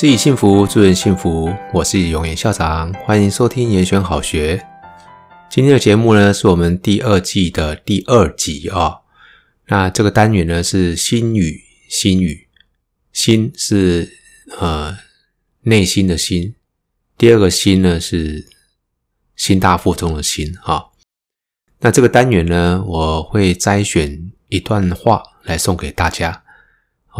自己幸福，祝人幸福。我是勇延校長，歡迎收聽延選好學。今天的節目呢，是我們第二季的第二集啊、哦。那這個單元呢是心語，興語，心是呃內心的心，第二個興呢是興大附中的興啊、哦。那這個單元呢，我會摘選一段話來送給大家。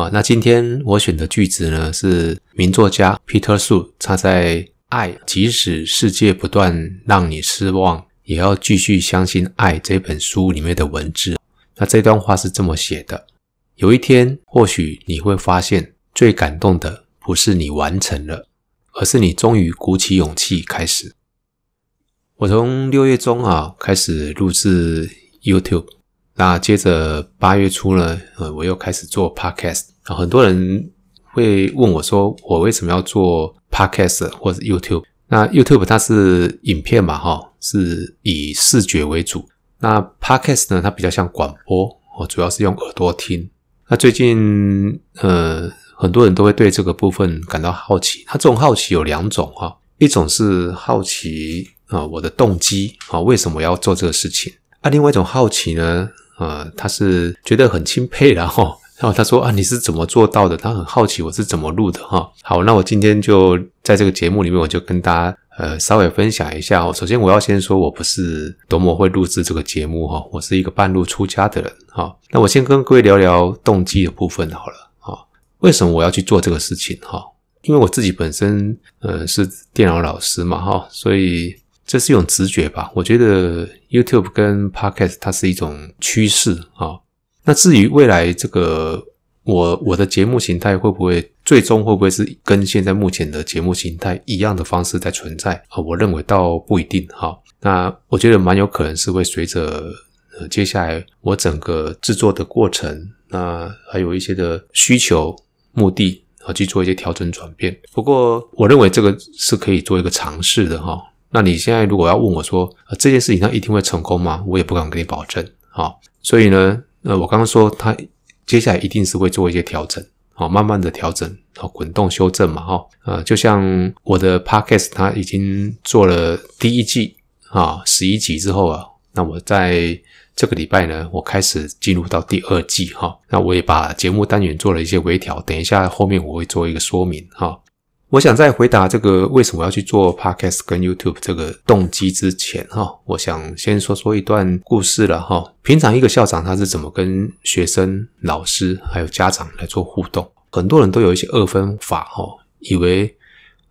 啊，那今天我選的句子呢，是名作家 Peter Su，他在《愛，即使世界不斷讓你失望，也要繼續相信愛》這本書裡面的文字。那這段話是這麼寫的：有一天，或許你會發現，最感動的不是你完成了，而是你終於鼓起勇氣開始。我從六月中啊，開始錄制 YouTube。那接着八月初呢，呃，我又開始做 Podcast 啊，很多人會問我說，我為什麼要做 Podcast 或者是 YouTube？那 YouTube 它是影片嘛，哈，是以視覺為主。那 Podcast 呢，它比較像廣播，我主要是用耳朵聽。那最近，呃，很多人都會對這個部分感到好奇。它這種好奇有兩種哈，一種是好奇啊，我的動機啊，為什麼要做這個事情？啊，另外一種好奇呢？呃，他是覺得很欽佩，然後，然後他說啊，你是怎麼做到的？他很好奇我是怎麼錄的哈。好，那我今天就在這個節目裡面，我就跟大家呃稍微分享一下哦。首先，我要先說我不是多麼會錄制這個節目哈，我是一個半路出家的人哈。那我先跟各位聊聊動機的部分好了啊。為什麼我要去做這個事情哈？因為我自己本身呃是電腦老師嘛哈，所以。這是一種直覺吧？我覺得 YouTube 跟 Podcast 它是一種趨勢啊、哦。那至於未來這個我我的節目形態會不會最終會不會是跟現在目前的節目形態一樣的方式在存在啊、哦？我認為倒不一定哈、哦。那我覺得蠻有可能是會隨着、呃、接下來我整個制作的過程，那還有一些的需求目的而、哦、去做一些調整轉變。不過我認為這個是可以做一個嘗試的哈。哦那你現在如果要問我說，呃、這件事情它一定會成功嗎？我也不敢跟你保證，哈、哦。所以呢，呃，我剛剛說它接下來一定是會做一些調整，哦、慢慢的調整，啊、哦，滾動修正嘛，哈、哦。呃，就像我的 podcast 它已經做了第一季，啊、哦，十一集之後啊，那我在這個禮拜呢，我開始進入到第二季，哈、哦。那我也把節目單元做了一些微調，等一下後面我會做一個說明，哈、哦。我想在回答這個為什麼要去做 Podcast 跟 YouTube 這個動機之前，哈，我想先說說一段故事了，哈。平常一個校長他是怎麼跟學生、老師還有家長來做互動？很多人都有一些二分法，哈，以為，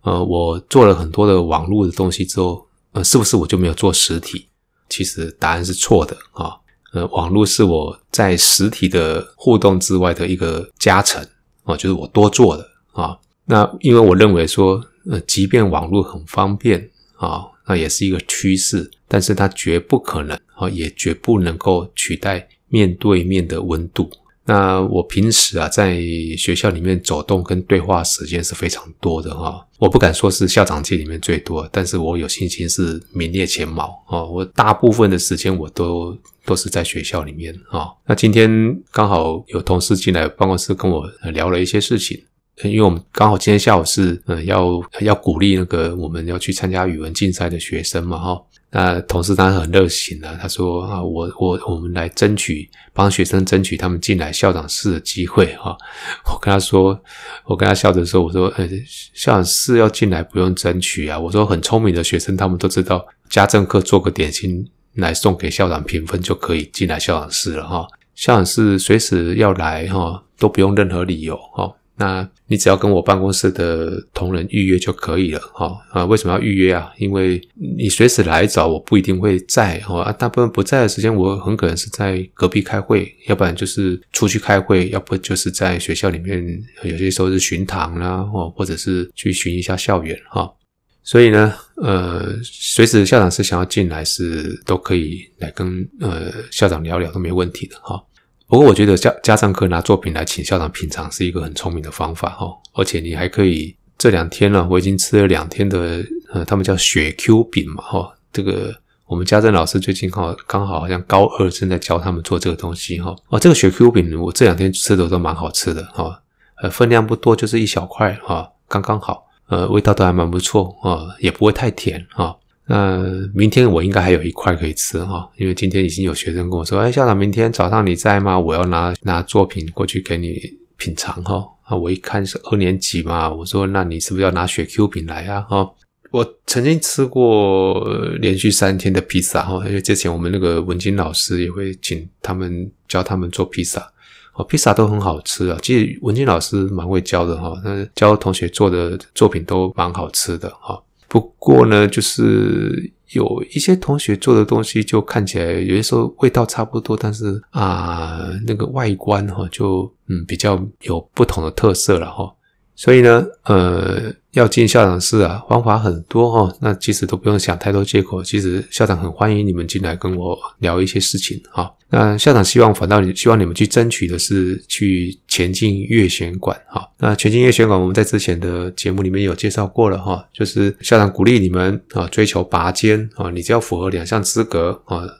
呃，我做了很多的網絡的東西之後，呃，是不是我就沒有做實體？其實答案是錯的，啊，呃，網絡是我在實體的互動之外的一個加成，啊，就是我多做的，啊。那因為我認為說，呃，即便網絡很方便啊，那，哦，也是一個趨勢，但是它絕不可能啊，哦，也絕不能夠取代面對面的溫度。那我平時啊，在學校裡面走動跟對話時間是非常多的哈，哦，我不敢說是校長界裡面最多，但是我有信心是名列前茅啊，哦。我大部分的時間我都都是在學校裡面啊，哦。那今天剛好有同事進來辦公室跟我聊了一些事情。因為我們剛好今天下午是，嗯，要要鼓勵那個我們要去參加語文競賽的學生嘛，哈、哦，那同事他很熱情啊，他說啊，我我我們來爭取幫學生爭取他們進來校長室的機會，哈、哦，我跟他說，我跟他笑着說，我說、嗯，校長室要進來不用爭取啊，我說很聰明的學生他們都知道，家政課做個點心來送給校長評分就可以進來校長室了，哈、哦，校長室隨時要來，哈、哦，都不用任何理由，哈、哦。那你只要跟我辦公室的同仁預約就可以了，哈啊，為什麼要預約啊？因為你隨時來找我不一定會在，哈，啊，大部分不在的時間，我很可能是在隔壁開會，要不然就是出去開會，要不就是在學校裡面，有些時候是巡堂啦，哦，或者是去巡一下校園，哈。所以呢，呃，隨時校長是想要進來是都可以來跟呃校長聊聊，都沒問題的，哈。不過我覺得家家長可以拿作品來請校長品嘗，是一個很聰明的方法哈、哦，而且你還可以這兩天了、啊，我已經吃了兩天的，呃，他們叫雪 Q 餅嘛哈、哦，這個我們家政老師最近哈，剛好好像高二正在教他們做這個東西哈，哦，哦，這個雪 Q 餅我這兩天吃的都蠻好吃的哈、哦，呃，分量不多，就是一小塊啊，剛剛好，呃，味道都還蠻不錯啊，也不會太甜啊、哦。那明天我應該還有一塊可以吃哈，因為今天已經有學生跟我說：“哎，校長，明天早上你在嗎？我要拿拿作品過去給你品嘗哈。”啊，我一看是二年級嘛，我說：“那你是不是要拿雪 Q 餅來啊？”哈，我曾經吃過連續三天的披薩哈，因為之前我們那個文靜老師也會請他們教他們做披薩，哦，披薩都很好吃啊。其實文靜老師蠻會教的哈，那教同學做的作品都蠻好吃的哈。不過呢，就是有一些同學做的東西，就看起來有些時候味道差不多，但是啊，那個外觀哈，就嗯比較有不同的特色了哈。所以呢，呃，要進校長室啊，方法很多哈，哦。那其實都不用想太多借口，其實校長很歡迎你們進來跟我聊一些事情哈，哦。那校長希望反倒你希望你們去爭取的是去前進月選館哈，哦。那前進月選館我們在之前的節目裡面有介紹過了哈，哦，就是校長鼓勵你們啊、哦，追求拔尖啊，哦，你只要符合兩項資格啊。哦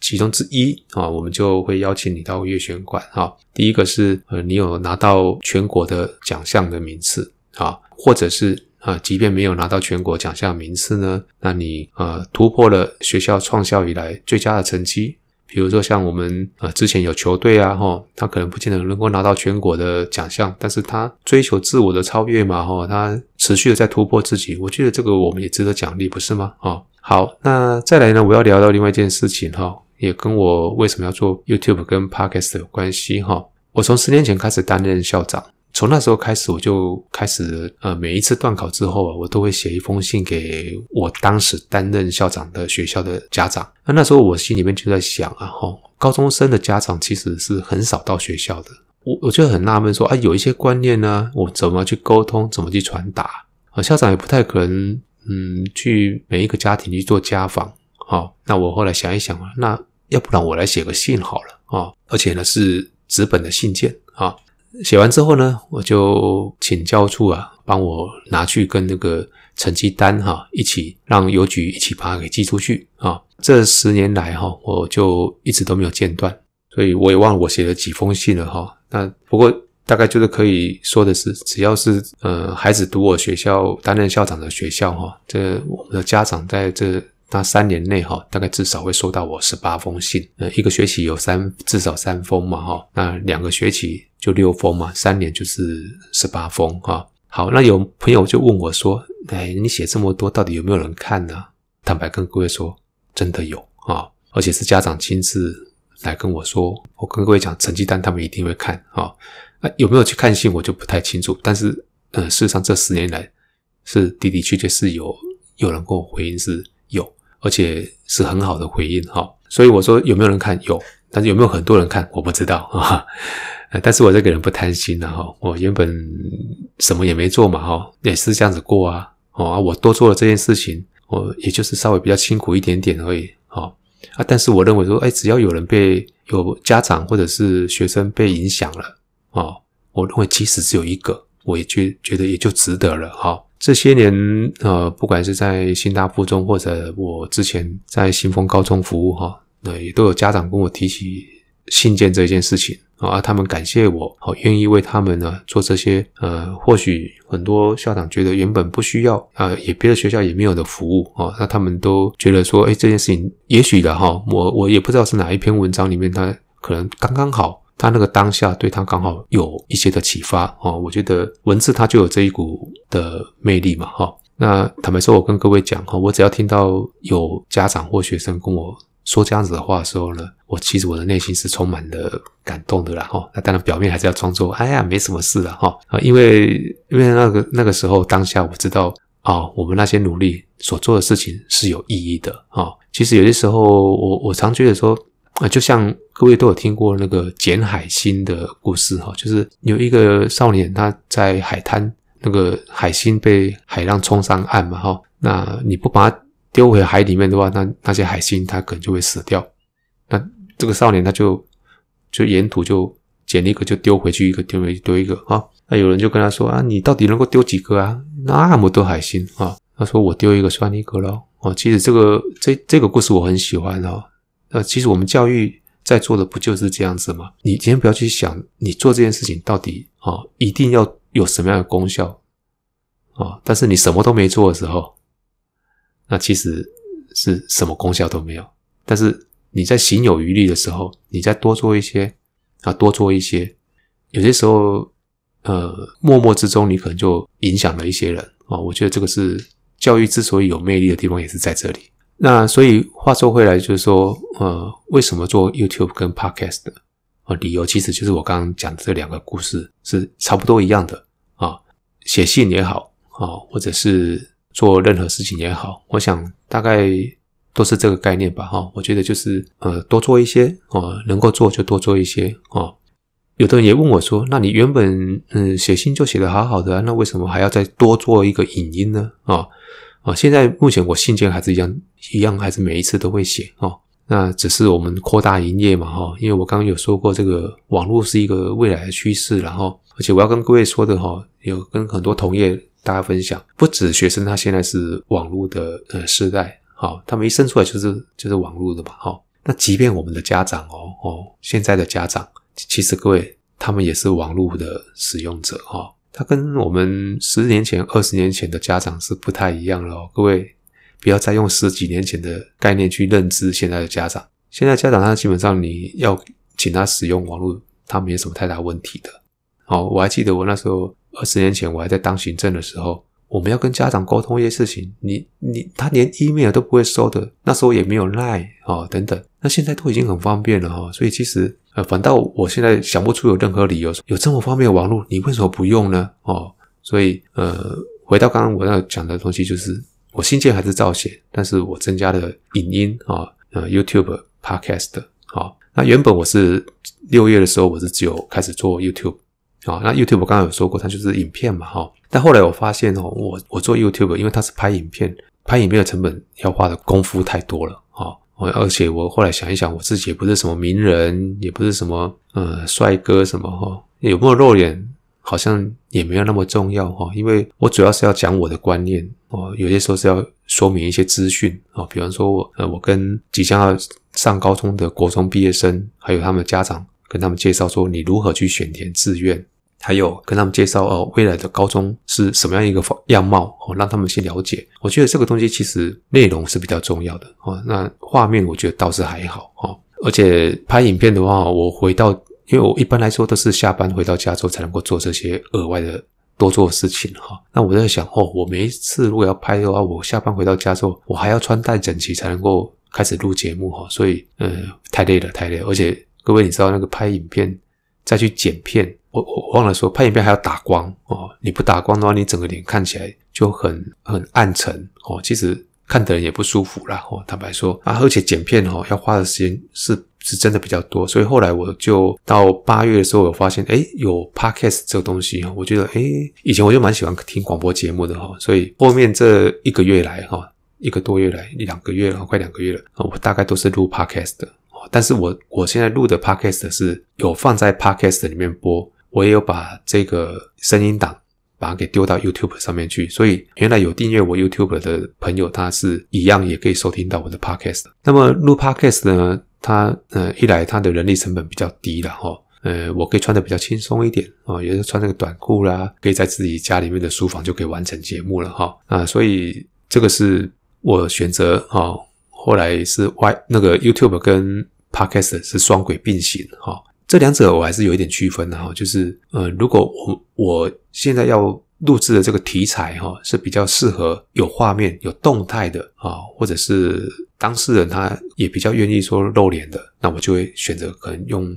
其中之一啊、哦，我們就會邀請你到延選館啊、哦。第一個是呃，你有拿到全國的獎項的名次啊、哦，或者是啊、呃，即便沒有拿到全國獎項名次呢，那你呃突破了學校創校以來最佳的成績，比如說像我們呃之前有球隊啊，哈、哦，他可能不見得能夠拿到全國的獎項，但是他追求自我的超越嘛，哈、哦，他持續的在突破自己，我覺得這個我們也值得獎勵，不是嗎？啊、哦，好，那再來呢，我要聊到另外一件事情哈。哦也跟我為什麼要做 YouTube 跟 Podcast 有關係哈。我從十年前開始擔任校長，從那時候開始我就開始呃，每一次段考之後啊，我都會寫一封信給我當時擔任校長的學校的家長。那那時候我心裡面就在想啊，吼，高中生的家長其實是很少到學校的，我我就很納悶說啊，有一些觀念呢，我怎麼去溝通，怎麼去傳達？啊，校長也不太可能嗯，去每一個家庭去做家訪。好、哦，那我後來想一想啊，那要不然我來寫個信好了啊、哦，而且呢是紙本的信件啊、哦。寫完之後呢，我就請教處啊幫我拿去跟那個成績單哈、哦、一起，讓郵局一起把它給寄出去啊、哦。這十年來哈、哦，我就一直都沒有間斷，所以我也忘了我寫了幾封信了哈、哦。那不過大概就是可以說的是，只要是呃孩子讀我學校擔任校長的學校哈、哦，這我們的家長在這。那三年內哈、哦，大概至少會收到我十八封信，呃，一個學期有三至少三封嘛哈、哦，那兩個學期就六封嘛，三年就是十八封哈、哦。好，那有朋友就問我說，哎，你寫這麼多，到底有沒有人看呢、啊？坦白跟各位說，真的有啊、哦，而且是家長親自來跟我說。我跟各位講，成績單他們一定會看、哦、啊。那有沒有去看信，我就不太清楚。但是呃，事實上這十年來是的的確確是有有人跟我回應是有。而且是很好的回應哈，所以我說有沒有人看有，但是有沒有很多人看我不知道啊，但是我這個人不貪心的哈，我原本什麼也沒做嘛哈，也是這樣子過啊，啊我多做了這件事情，我也就是稍微比較辛苦一點點而已啊，啊但是我認為說，哎只要有人被有家長或者是學生被影響了啊，我認為即使只有一個，我也覺覺得也就值得了哈。這些年，呃，不管是在興大附中或者我之前在新豐高中服務，哈、哦，那也都有家長跟我提起信件這件事情、哦、啊，他們感謝我，好、哦、願意為他們呢做這些，呃，或許很多校長覺得原本不需要，啊、呃，也別的學校也沒有的服務啊、哦，那他們都覺得說，哎，這件事情也許的哈、哦，我我也不知道是哪一篇文章裡面，他可能剛剛好。他那個當下對他剛好有一些的啟發哦，我覺得文字它就有這一股的魅力嘛哈。那坦白說，我跟各位講哈，我只要聽到有家長或學生跟我說這樣子的話的時候呢，我其實我的內心是充滿了感動的啦哈。那當然表面還是要裝作哎呀沒什麼事了哈啊，因為因為那個那個時候當下我知道啊，我們那些努力所做的事情是有意義的啊。其實有些時候，我我常覺得說。啊，就像各位都有聽過那個撿海星的故事哈，就是有一個少年他在海灘，那個海星被海浪沖上岸嘛哈，那你不把它丟回海裡面的話，那那些海星它可能就會死掉。那這個少年他就就沿途就撿一個就丟回去一個丟回去丟一個哈，那有人就跟他說啊，你到底能夠丟幾個啊？那麼多海星啊？他說我丟一個算一個嘍。哦，其實這個這這個故事我很喜歡哦。那、呃、其實我們教育在做的不就是這樣子嗎？你先不要去想你做這件事情到底啊、哦，一定要有什麼樣的功效啊、哦。但是你什麼都沒做的時候，那其實是什麼功效都沒有。但是你在行有餘力的時候，你再多做一些啊，多做一些，有些時候呃，默默之中你可能就影響了一些人啊、哦。我覺得這個是教育之所以有魅力的地方，也是在這裡。那所以話說回來，就是說，呃，為什麼做 YouTube 跟 Podcast？呃，理由其實就是我剛剛講的這兩個故事是差不多一樣的啊。寫信也好啊，或者是做任何事情也好，我想大概都是這個概念吧。哈，啊，我覺得就是呃，多做一些啊，能夠做就多做一些啊。有的人也問我說，那你原本嗯寫信就寫得好好的啊，那為什麼還要再多做一個影音呢？啊？哦，現在目前我信件還是一樣一樣，還是每一次都會寫哦。那只是我們擴大營業嘛，哈。因為我剛剛有說過，這個網絡是一個未來的趨勢。然後，而且我要跟各位說的哈、哦，有跟很多同業大家分享，不止學生他現在是網絡的呃世代，好、哦，他們一生出來就是就是網絡的嘛，哈、哦。那即便我們的家長哦哦，現在的家長其實各位他們也是網絡的使用者哈、哦。他跟我們十年前、二十年前的家長是不太一樣的哦，各位，不要再用十幾年前的概念去認知現在的家長。現在家長，他基本上你要請他使用網絡，他沒什麼太大問題的。哦，我還記得我那時候二十年前，我還在當行政的時候。我們要跟家長溝通一些事情，你你他連 email 都不會收的，那時候也沒有 line 哦，等等，那現在都已經很方便了哈、哦，所以其實呃，反倒我現在想不出有任何理由，有這麼方便的網絡，你為什麼不用呢？哦，所以呃，回到剛剛我要講的東西，就是我信件還是照寫，但是我增加了影音啊、哦，呃 YouTube Podcast 啊、哦，那原本我是六月的時候，我是只有開始做 YouTube。啊，那 YouTube 我剛剛有說過，它就是影片嘛，哈。但後來我發現，哈，我我做 YouTube，因為它是拍影片，拍影片的成本要花的功夫太多了，哈。而且我後來想一想，我自己也不是什麼名人，也不是什麼，呃、嗯，帥哥什麼，哈，有沒有露臉好像也沒有那麼重要，哈。因為我主要是要講我的觀念，哦，有些時候是要說明一些資訊，哦，比方說我，呃，我跟即將要上高中的國中畢業生，還有他們的家長。跟他們介紹說，你如何去選填志願，還有跟他們介紹呃，哦，未來的高中是什麼樣一個樣貌，哦，讓他們先了解。我覺得這個東西其實內容是比較重要的哦。那畫面我覺得倒是還好哦。而且拍影片的話，我回到，因為我一般來說都是下班回到家之後才能夠做這些額外的多做事情哈，哦。那我在想哦，我每一次如果要拍的話，我下班回到家之後，我還要穿戴整齊才能夠開始錄節目哈，哦。所以呃，太累了，太累了，而且。各位，你知道那個拍影片再去剪片，我我忘了說，拍影片還要打光哦。你不打光的話，你整個臉看起來就很很暗沉哦。其實看的人也不舒服啦，哦。坦白說啊，而且剪片哦要花的時間是是真的比較多。所以後來我就到八月的時候，我發現哎，有 podcast 這個東西哦，我覺得哎，以前我就蠻喜歡聽廣播節目的哈。所以後面這一個月來哈，一個多月來，一兩個月了，快兩個月了，我大概都是錄 podcast 的。但是我我現在錄的 podcast 是有放在 podcast 裡面播，我也有把這個聲音檔把它給丟到 YouTube 上面去，所以原來有訂閱我 YouTube 的朋友，他是一樣也可以收聽到我的 podcast 的。那麼錄 podcast 呢，它呃一來它的人力成本比較低啦，哈、呃，呃我可以穿的比較輕鬆一點啊、哦，也是穿那個短褲啦，可以在自己家裡面的書房就可以完成節目了哈啊，哦、所以這個是我選擇啊、哦，後來是 Y 那個 YouTube 跟 Podcast 是雙軌並行哈，這兩者我還是有一點區分的哈，就是呃，如果我我現在要錄製的這個題材哈是比較適合有畫面有動態的啊，或者是當事人他也比較願意說露臉的，那我就會選擇可能用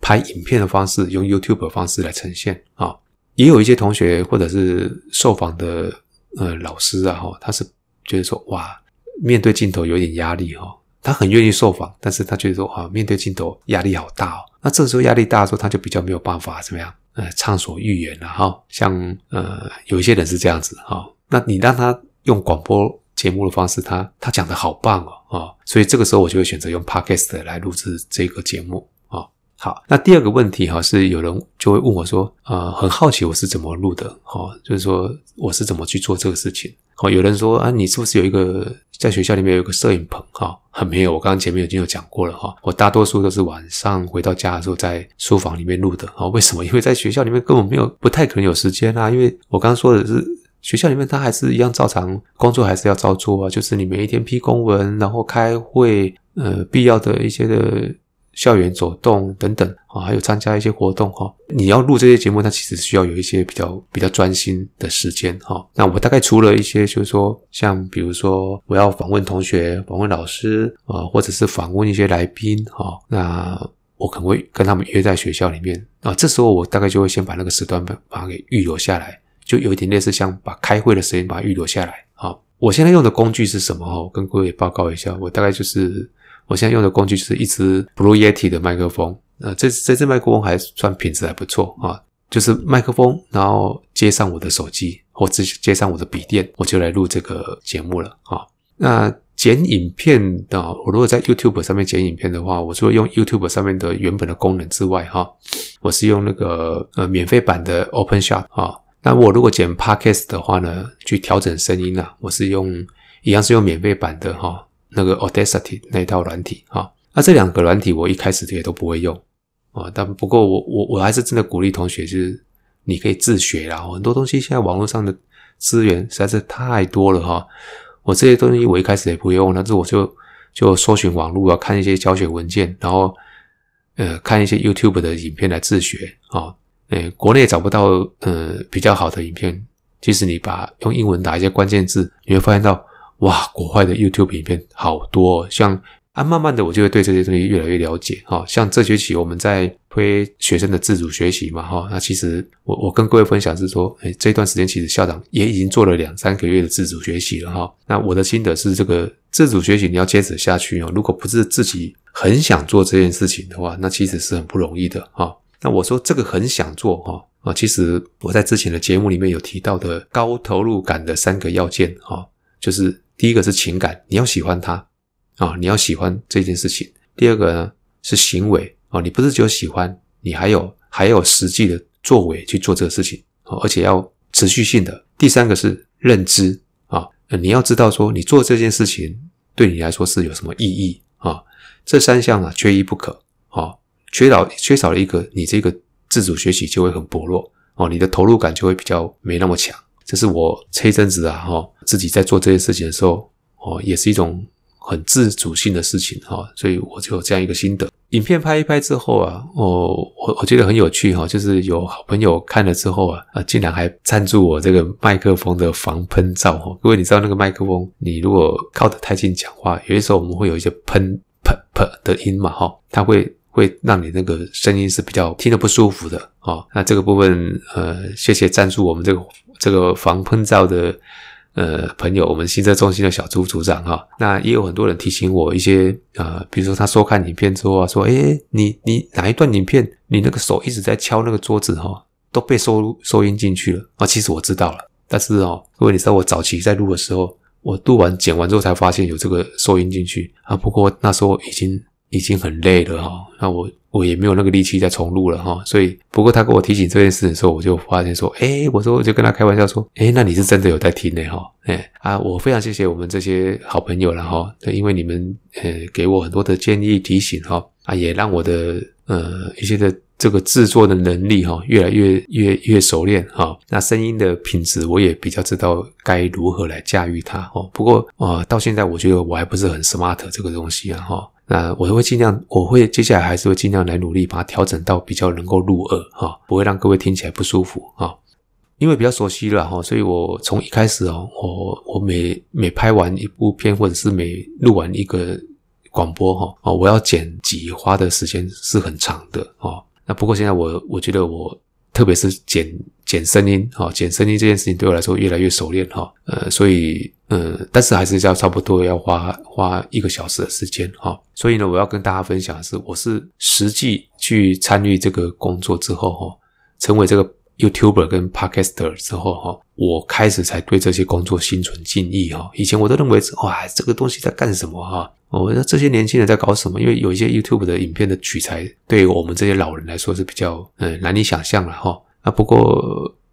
拍影片的方式，用 YouTube 的方式來呈現啊。也有一些同學或者是受訪的呃老師啊哈，他是覺得說哇，面對鏡頭有點壓力哈。他很願意受訪，但是他覺得說啊，面對鏡頭壓力好大哦。那這個時候壓力大的時候，他就比較沒有辦法怎麼樣，呃，暢所欲言了、啊、哈、哦。像呃，有一些人是這樣子哈、哦。那你讓他用廣播節目的方式，他他講得好棒哦啊、哦。所以這個時候我就會選擇用 Podcast 來錄制這個節目啊、哦。好，那第二個問題哈、啊、是有人就會問我說，啊、呃，很好奇我是怎麼錄的哈、哦，就是說我是怎麼去做這個事情。好、哦，有人說啊，你是不是有一個在學校裡面有一個攝影棚哈？哦很沒有，我剛剛前面已經有講過了哈。我大多數都是晚上回到家的時候在書房裡面錄的啊。為什麼？因為在學校裡面根本沒有，不太可能有時間啊。因為我剛剛說的是學校裡面，它還是一樣照常工作，還是要照做啊。就是你每一天批公文，然後開會，呃，必要的一些的。校園走動等等啊，還有參加一些活動哈。你要錄這些節目，它其實需要有一些比較比較專心的時間哈。那我大概除了一些，就是說像比如說我要訪問同學、訪問老師啊，或者是訪問一些來賓哈，那我可能會跟他們約在學校裡面啊。那這時候我大概就會先把那個時段把它給預留下來，就有一點類似像把開會的時間把它預留下來哈。我現在用的工具是什麼哈？我跟各位報告一下，我大概就是。我現在用的工具就是一支 Blue Yeti 的麥克風，那、呃、這這支麥克風還算品質還不錯啊。就是麥克風，然後接上我的手機或者接上我的筆電，我就來錄這個節目了啊。那剪影片的，啊，我如果在 YouTube 上面剪影片的話，我除了用 YouTube 上面的原本的功能之外，哈、啊，我是用那個呃免費版的 OpenShot 啊。那我如果剪 Podcast 的話呢，去調整聲音呢、啊，我是用一樣是用免費版的哈。啊那個 Audacity 那一套軟體啊，那這兩個軟體我一開始也都不會用啊，但不過我我我還是真的鼓勵同學，就是你可以自學啦。很多東西現在網絡上的資源實在是太多了哈。我這些東西我一開始也不用，但是我就就搜尋網絡啊，看一些教學文件，然後呃看一些 YouTube 的影片來自學啊。誒，國內找不到呃比較好的影片，即使你把用英文打一些關鍵字，你會發現到。哇，國外的 YouTube 影片好多，哦，像啊，慢慢的我就會對這些東西越來越了解。哈、哦，像這學期我們在推學生的自主學習嘛，哈、哦，那其實我我跟各位分享是說，哎、欸，這段時間其實校長也已經做了兩三個月的自主學習了，哈、哦。那我的心得是，這個自主學習你要堅持下去哦。如果不是自己很想做這件事情的話，那其實是很不容易的，哈、哦。那我說這個很想做，哈、哦、啊、哦，其實我在之前的節目裡面有提到的高投入感的三個要件，哈、哦，就是。第一個是情感，你要喜歡他啊，你要喜歡這件事情。第二個呢，是行為啊，你不是只有喜歡，你還有還有實際的作為去做這個事情，而且要持續性的。第三個是認知啊，你要知道說你做這件事情對你來說是有什麼意義啊。這三項啊缺一不可啊，缺少缺少了一個，你這個自主學習就會很薄弱哦，你的投入感就會比較沒那麼強。這是我這一陣子啊，哈，自己在做這些事情的時候，哦，也是一種很自主性的事情，哈，所以我就有這樣一個心得。影片拍一拍之後啊，我、哦、我我覺得很有趣，哈，就是有好朋友看了之後啊，啊，竟然還贊助我這個麥克風的防噴罩，哈，各位你知道那個麥克風，你如果靠得太近講話，有些時候我們會有一些噴噴噴的音嘛，哈，它會會讓你那個聲音是比較聽得不舒服的，啊、哦，那這個部分，呃，謝謝贊助我們這個。這個防噴罩的呃朋友，我們新車中心的小朱組長哈、哦，那也有很多人提醒我一些啊、呃，比如說他收看影片之後啊，說，哎，你你哪一段影片，你那個手一直在敲那個桌子哈、哦，都被收收音進去了啊。其實我知道了，但是哦，如果你知道我早期在錄的時候，我錄完剪完之後才發現有這個收音進去啊。不過那時候已經已經很累了哈、哦，那我。我也沒有那個力氣再重錄了哈，所以不過他跟我提醒這件事的時候，我就發現說，哎、欸，我說我就跟他開玩笑說，哎、欸，那你是真的有在聽呢、欸、哈，誒、欸、啊，我非常謝謝我們這些好朋友了哈，因為你們呃、欸、給我很多的建議提醒哈，啊也讓我的呃一些的這個製作的能力哈越來越越越熟練哈、啊，那聲音的品質我也比較知道該如何來駕馭它哈，不過啊、呃、到現在我覺得我還不是很 smart 這個東西啊哈。那我會盡量，我會接下來還是會盡量來努力把它調整到比較能夠入耳哈、哦，不會讓各位聽起來不舒服哈、哦。因為比較熟悉了哈，所以我從一開始哦，我我每每拍完一部片或者是每錄完一個廣播哈，哦，我要剪輯花的時間是很長的哦。那不過現在我我覺得我。特別是剪剪聲音，哈，剪聲音這件事情對我來說越來越熟練，哈，呃，所以，呃，但是還是要差不多要花花一個小時的時間，哈，所以呢，我要跟大家分享的是，我是實際去參與這個工作之後，哈，成為這個，YouTuber 跟 Podcaster 之後哈，我開始才對這些工作心存敬意哈。以前我都認為，哇，這個東西在幹什麼哈？我說這些年輕人在搞什麼？因為有一些 YouTube 的影片的取材，對於我們這些老人來說是比較嗯難以想象了哈。啊，不過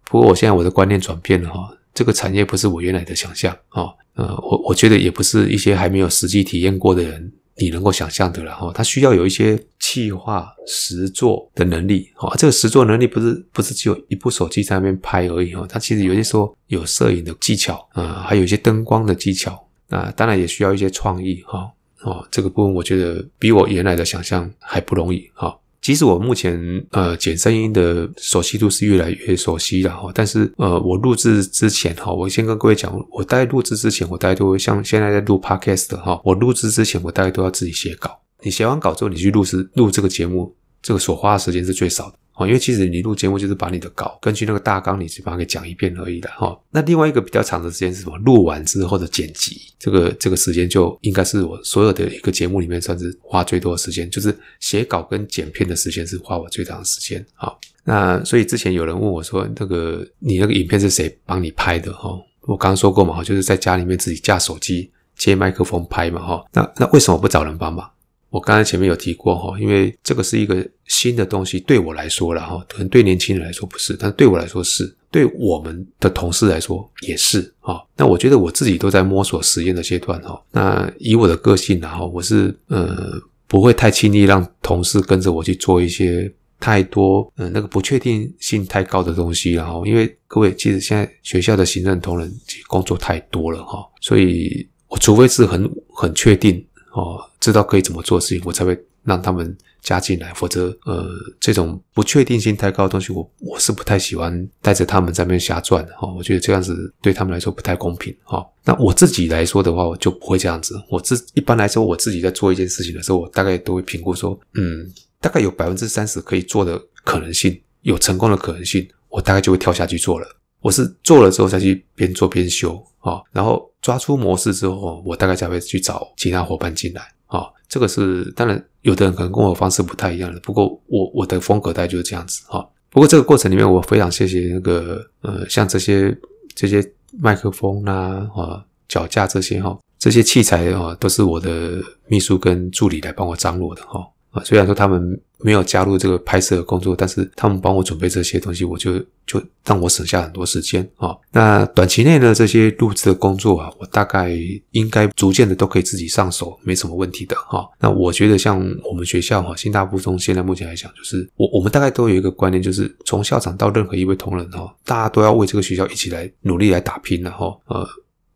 不過我現在我的觀念轉變了哈，這個產業不是我原來的想象哈，呃，我我覺得也不是一些還沒有實際體驗過的人。你能夠想象的了哈，他需要有一些企劃實作的能力哈，啊、這個實作能力不是不是只有一部手機在那邊拍而已哈，他其實有些時候有攝影的技巧啊，還有一些燈光的技巧啊，那當然也需要一些創意哈，哦、啊啊，這個部分我覺得比我原來的想象還不容易哈。啊其實我目前呃剪聲音的熟悉度是越來越熟悉了哈，但是呃我錄製之前哈，我先跟各位講，我在錄製之前，我大概都會像現在在錄 podcast 的哈，我錄製之前，我大概都要自己寫稿。你寫完稿之後，你去錄製錄這個節目，這個所花的時間是最少的。哦，因為其實你錄節目，就是把你的稿，根據那個大綱，你就把它給講一遍而已啦哈。那另外一個比較長的時間是什麼？錄完之後的剪輯，這個這個時間就應該是我所有的一個節目裡面算是花最多的時間，就是寫稿跟剪片的時間是花我最長的時間啊。那所以之前有人問我說，那個你那個影片，是誰幫你拍的？哈，我剛剛說過嘛，就是在家裡面自己架手機接麥克風拍嘛，哈。那那為什麼不找人幫忙？我剛才前面有提過哈，因為這個是一個新的東西，對我來說了哈，可能對年輕人來說不是，但對我來說是，對我們的同事來說也是哈。那我覺得我自己都在摸索實驗的階段哈。那以我的個性呢哈，我是呃不會太輕易讓同事跟着我去做一些太多嗯、呃、那個不確定性太高的東西，然後因為各位其實現在學校的行政同仁工作太多了哈，所以我除非是很很確定。哦，知道可以怎麼做的事情，我才會讓他們加進來。否則，呃，這種不確定性太高的東西，我我是不太喜歡帶着他們在那邊瞎轉的。哦，我覺得這樣子對他們來說不太公平。哈、哦，那我自己來說的話，我就不會這樣子。我自一般來說，我自己在做一件事情的時候，我大概都會評估說，嗯，大概有百分之三十可以做的可能性，有成功的可能性，我大概就會跳下去做了。我是做了之後再去邊做邊修啊、哦，然後抓出模式之後，我大概才會去找其他夥伴進來啊、哦。這個是當然，有的人可能跟我方式不太一樣的，不過我我的風格大概就是這樣子、哦。不過這個過程裡面，我非常謝謝那個呃，像這些這些麥克風啦啊，腳架這些哈、哦、哦，這些器材、哦，都是我的秘書跟助理來幫我張羅的哈。哦啊，雖然說他們沒有加入這個拍攝的工作，但是他們幫我準備這些東西，我就就讓我省下很多時間啊。那短期內呢，這些錄製的工作啊，我大概應該逐漸的都可以自己上手，沒什麼問題的哈。那我覺得像我們學校哈，新大附中現在目前來講，就是我我們大概都有一個觀念，就是從校長到任何一位同仁哈，大家都要為這個學校一起來努力來打拼，然後呃，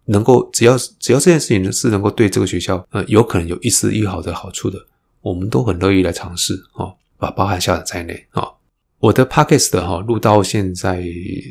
能夠只要只要這件事情是能夠對這個學校呃，有可能有一絲一毫的好處的。我們都很樂意來嘗試啊，把、哦、包含校長在內啊、哦。我的 podcast 哈、哦、錄到現在，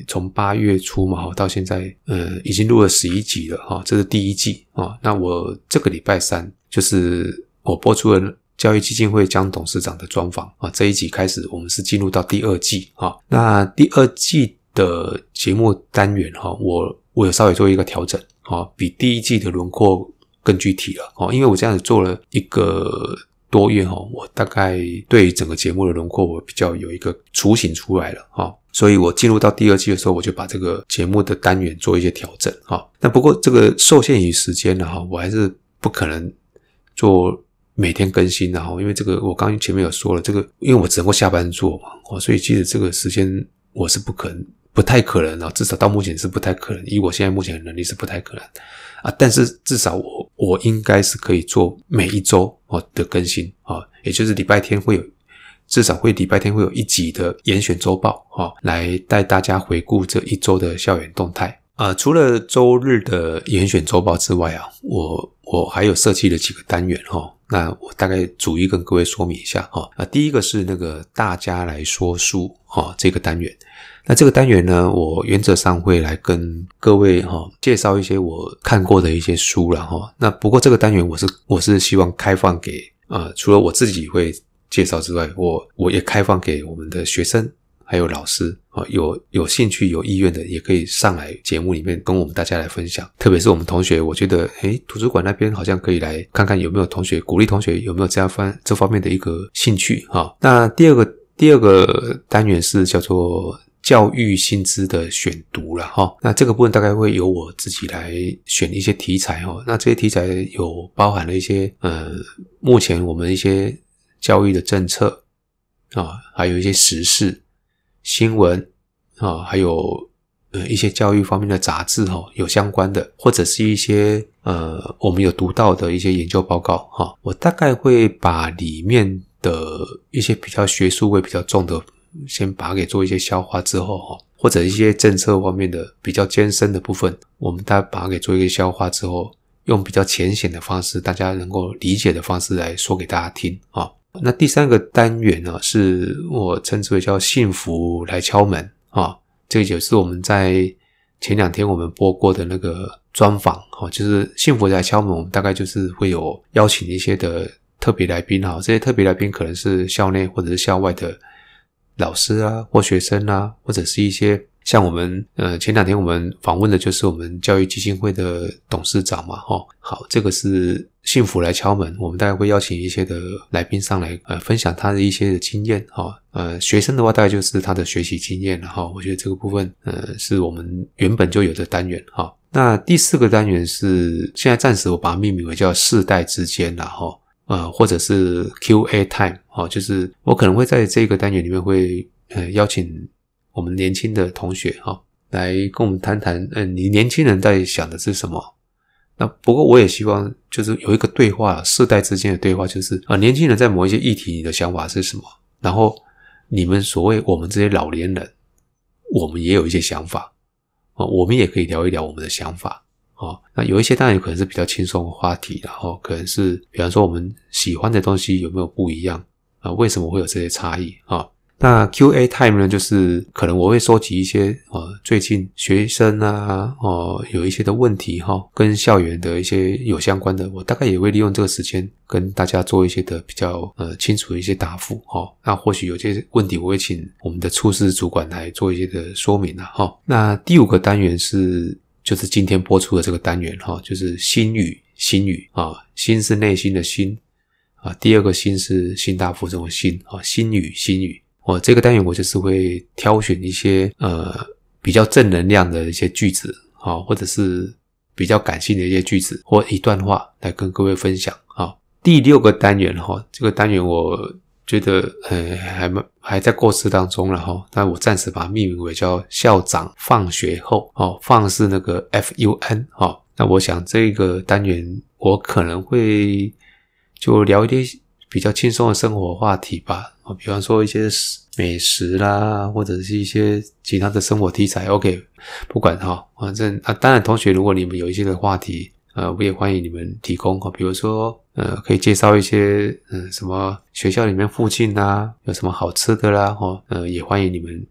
從八月初嘛到現在，呃，已經錄了十一集了哈、哦。這是第一季啊、哦。那我這個禮拜三就是我播出了教育基金會江董事長的專訪啊、哦。這一集開始，我們是進入到第二季啊、哦。那第二季的節目單元哈、哦，我我有稍微做一個調整啊、哦，比第一季的輪廓更具體了哦，因為我這樣子做了一個。多月哈，我大概對於整個節目的輪廓，我比較有一個雛形出來了哈，所以我進入到第二季的時候，我就把這個節目的單元做一些調整哈。那不過這個受限於時間了哈，我還是不可能做每天更新的哈，因為這個我剛前面有說了，這個因為我只能夠下班做嘛，哦，所以其實這個時間我是不可能，不太可能啊，至少到目前是不太可能，以我現在目前的能力是不太可能。啊，但是至少我我應該是可以做每一周哦的更新啊，也就是禮拜天會有，至少會禮拜天會有一集的延選週報啊，來帶大家回顧這一周的校園動態啊。除了周日的延選週報之外啊，我我還有設計了幾個單元哈，啊。那我大概逐一跟各位說明一下哈。啊，第一個是那個大家來說書啊，這個單元。那這個單元呢，我原則上會來跟各位哈、哦、介紹一些我看過的一些書啦哈、哦。那不過這個單元我是我是希望開放給啊、呃，除了我自己會介紹之外，我我也開放給我們的學生還有老師啊、哦，有有興趣有意願的也可以上來節目裡面跟我們大家來分享。特別是我們同學，我覺得誒、欸、圖書館那邊好像可以來看看有沒有同學，鼓勵同學有沒有這樣方這方面的一個興趣哈、哦。那第二個第二個單元是叫做。教育新知的選讀了哈，那這個部分大概會由我自己來選一些題材哦。那這些題材有包含了一些呃，目前我們一些教育的政策啊，還有一些時事新聞啊，還有呃一些教育方面的雜誌哈，有相關的或者是一些呃我們有讀到的一些研究報告哈、啊。我大概會把裡面的一些比較學術味比較重的，先把它給做一些消化之後哈，或者一些政策方面的比較艱深的部分，我們大家把它給做一個消化之後，用比較淺顯的方式，大家能夠理解的方式來說給大家聽啊。那第三個單元呢，是我稱之為叫幸福來敲門啊，這個也是我們在前兩天我們播過的那個專訪啊，就是幸福來敲門，我們大概就是會有邀請一些的特別來賓哈，這些特別來賓可能是校內或者是校外的。老師啊，或學生啊，或者是一些像我們，呃，前兩天我們訪問的就是我們教育基金會的董事長嘛，吼，好，這個是幸福來敲門。我們大概會邀請一些的來賓上來，呃，分享他的一些的經驗，哈，呃，學生的話大概就是他的學習經驗，然後，我覺得這個部分，呃，是我們原本就有的單元，哈。那第四個單元是現在暫時我把它命名為叫世代之間，然後。啊、呃，或者是 QA time 啊、哦，就是我可能會在這個單元裡面會呃邀請我們年輕的同學哈、哦、來跟我們談談，嗯、呃，你年輕人在想的是什麼？那不過我也希望就是有一個對話，世代之間的對話，就是啊、呃，年輕人在某一些議題，你的想法是什麼？然後你們所謂我們這些老年人，我們也有一些想法啊、哦，我們也可以聊一聊我們的想法。哦，那有一些當然也可能是比較輕鬆的話題，然後可能是，比方說我們喜歡的東西有沒有不一樣啊？為什麼會有這些差異啊？那 QA time 呢？就是可能我會收集一些，呃，最近學生啊，哦，有一些的問題哈，跟校園的一些有相關的，我大概也會利用這個時間跟大家做一些的比較呃清楚的一些答復哈。那或許有些問題我會請我們的處室主管來做一些的說明了哈。那第五個單元是。就是今天播出的這個單元哈，就是心語興語啊，心是內心的心啊，第二個興是興大附中的興啊，心語興語。哦，這個單元我就是會挑選一些呃比較正能量的一些句子啊，或者是比較感性的一些句子或一段話來跟各位分享啊。第六個單元哈，這個單元我。覺得呃、嗯、還沒還在構思當中然後，但我暫時把它命名為叫校長放學後哦放是那個 FUN 哈、哦，那我想這個單元我可能會就聊一些比較輕鬆的生活話題吧，哦比方說一些美食啦，或者是一些其他的生活題材，OK 不管哈、哦，反正啊當然同學如果你們有一些的話題，呃我也歡迎你們提供哈、哦，比如說。呃，可以介紹一些，嗯、呃，什麼學校裡面附近啊，有什麼好吃的啦，哈、哦，呃，也歡迎你們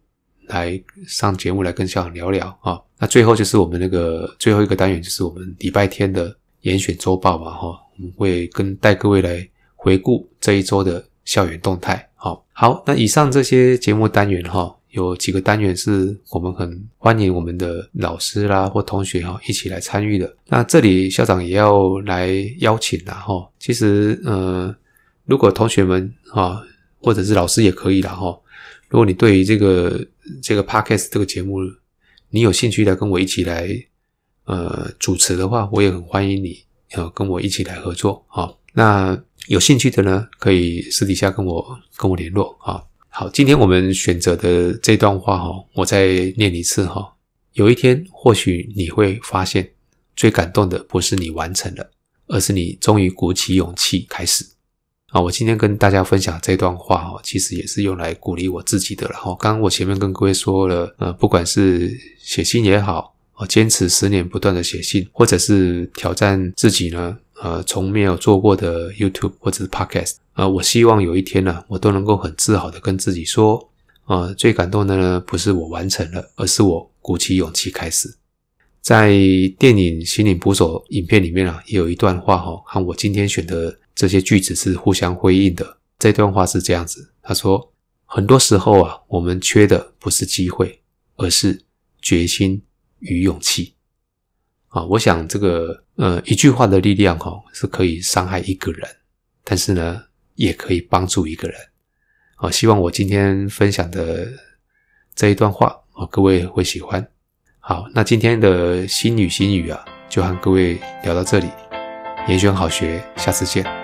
來上節目來跟校長聊聊啊、哦。那最後就是我們那個最後一個單元，就是我們禮拜天的延選週報嘛，哈、哦，我們會跟帶各位來回顧這一周的校園動態。好、哦，好，那以上這些節目單元，哈、哦。有幾個單元是我們很歡迎我們的老師啦，或同學哈、哦、一起來參與的。那這裡校長也要來邀請啦，哈。其實呃，如果同學們哈或者是老師也可以啦，哈。如果你對於這個這個 Podcast 這個節目你有興趣來跟我一起來呃主持的話，我也很歡迎你啊跟我一起來合作啊、哦。那有興趣的呢，可以私底下跟我跟我聯絡啊。哦好，今天我們選擇的這段話哈，我再念一次哈。有一天，或許你會發現，最感動的不是你完成了，而是你終於鼓起勇氣開始。啊，我今天跟大家分享這段話哈，其實也是用來鼓勵我自己的。然後，剛剛我前面跟各位說了，呃，不管是寫信也好，我堅持十年不斷的寫信，或者是挑戰自己呢。呃，從沒有做過的 YouTube 或者是 Podcast，呃，我希望有一天呢、啊，我都能夠很自豪地跟自己說，啊、呃，最感動的呢，不是我完成了，而是我鼓起勇氣開始。在電影《心靈捕手》影片裡面啊，也有一段話哈、哦，和我今天選的這些句子是互相輝映的。這段話是這樣子，他說，很多時候啊，我們缺的不是機會，而是決心與勇氣。啊，我想這個呃，一句話的力量吼、哦、是可以傷害一個人，但是呢，也可以幫助一個人。啊、哦，希望我今天分享的這一段話啊、哦，各位會喜歡。好，那今天的心語興語啊，就和各位聊到這裡。延選好學，下次見。